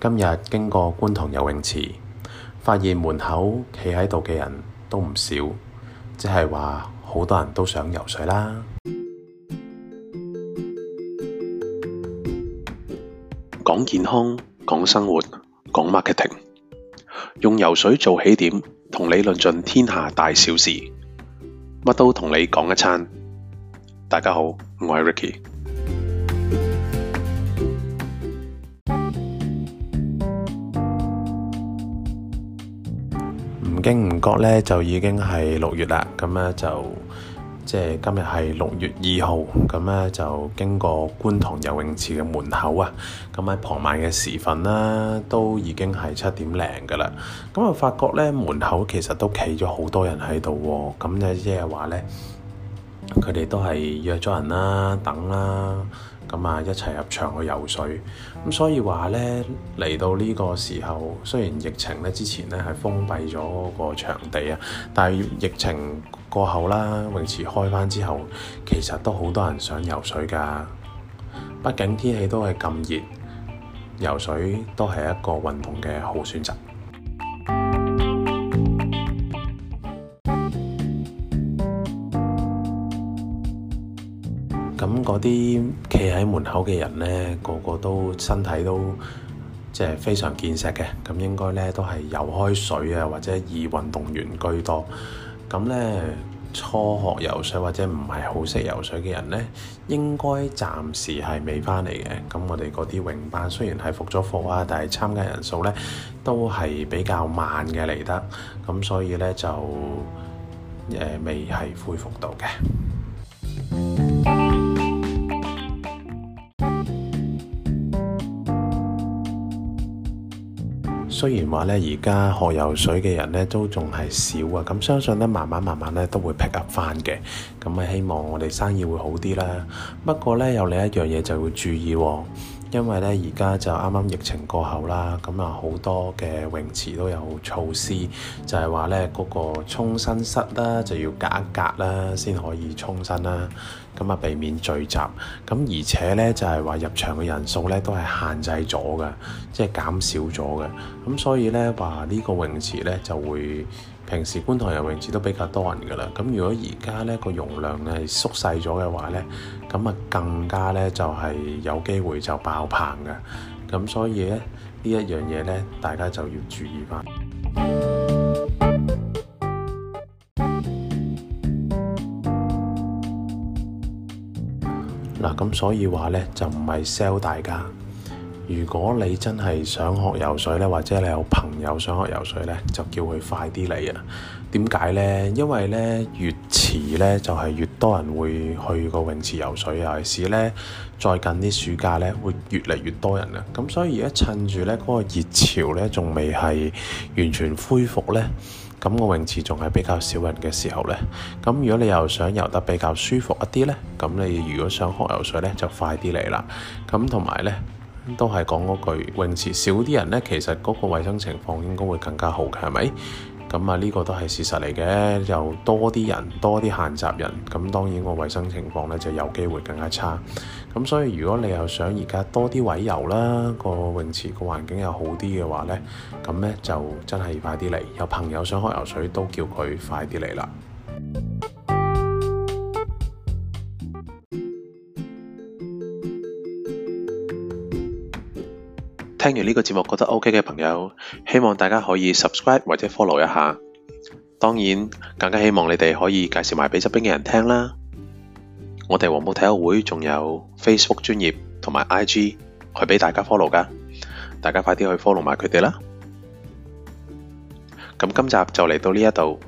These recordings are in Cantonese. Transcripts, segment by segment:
今日經過觀塘游泳池，發現門口企喺度嘅人都唔少，即係話好多人都想游水啦。講健康，講生活，講 marketing，用游水做起點，同你論盡天下大小事，乜都同你講一餐。大家好，我係 Ricky。唔經唔覺咧，就已經係六月啦。咁咧就即係今日係六月二號。咁咧就經過觀塘游泳池嘅門口啊。咁喺傍晚嘅時分啦，都已經係七點零㗎啦。咁啊，我發覺咧門口其實都企咗好多人喺度。咁就即係話咧，佢哋都係約咗人啦，等啦。咁啊，一齊入場去游水。咁所以話呢，嚟到呢個時候，雖然疫情呢之前呢係封閉咗個場地啊，但係疫情過後啦，泳池開返之後，其實都好多人想游水㗎。畢竟天氣都係咁熱，游水都係一個運動嘅好選擇。嗰啲企喺門口嘅人呢，個個都身體都即係非常健碩嘅，咁應該呢都係游開水啊或者易運動員居多。咁呢，初學游水或者唔係好識游水嘅人呢，應該暫時係未翻嚟嘅。咁我哋嗰啲泳班雖然係復咗課啊，但係參加人數呢都係比較慢嘅嚟得，咁所以呢，就誒、呃、未係恢復到嘅。雖然話咧，而家學游水嘅人咧都仲係少啊，咁相信咧慢慢慢慢咧都會 pick up 翻嘅，咁啊希望我哋生意會好啲啦。不過咧有另一樣嘢就要注意喎、啊。因為咧，而家就啱啱疫情過後啦，咁啊好多嘅泳池都有措施，就係話咧嗰個沖身室啦，就要隔一隔啦，先可以沖身啦，咁啊避免聚集。咁而且咧就係話入場嘅人數咧都係限制咗嘅，即係減少咗嘅。咁所以咧話呢個泳池咧就會，平時觀塘游泳池都比較多人噶啦。咁如果而家咧個容量係縮細咗嘅話咧。咁啊，更加咧就係、是、有機會就爆棚嘅，咁所以咧呢一樣嘢咧，大家就要注意翻。嗱，咁、 啊、所以話咧就唔係 sell 大家。如果你真係想學游水呢，或者你有朋友想學游水呢，就叫佢快啲嚟啊！點解呢？因為呢，越遲呢，就係越多人會去個泳池游水，尤其是呢，最近啲暑假呢，會越嚟越多人啊！咁所以而家趁住呢嗰個熱潮呢，仲未係完全恢復呢。咁個泳池仲係比較少人嘅時候呢。咁如果你又想游得比較舒服一啲呢，咁你如果想學游水呢，就快啲嚟啦！咁同埋呢。都係講嗰句，泳池少啲人呢，其實嗰個衛生情況應該會更加好嘅，係咪？咁啊，呢個都係事實嚟嘅。又多啲人，多啲閒雜人，咁當然個衛生情況呢就有機會更加差。咁所以如果你又想而家多啲位游啦，個泳池個環境又好啲嘅話呢，咁呢就真係快啲嚟。有朋友想學游水都叫佢快啲嚟啦。聽完呢個節目覺得 O K 嘅朋友，希望大家可以 subscribe 或者 follow 一下。當然，更加希望你哋可以介紹埋俾側邊嘅人聽啦。我哋黃埔體育會仲有 Facebook 專頁同埋 I G 去俾大家 follow 㗎，大家快啲去 follow 埋佢哋啦。咁今集就嚟到呢一度，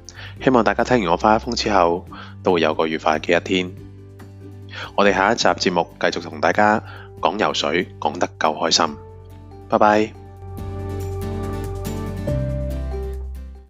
希望大家聽完我花一風之後都會有個愉快嘅一天。我哋下一集節目繼續同大家講游水，講得夠開心。拜拜。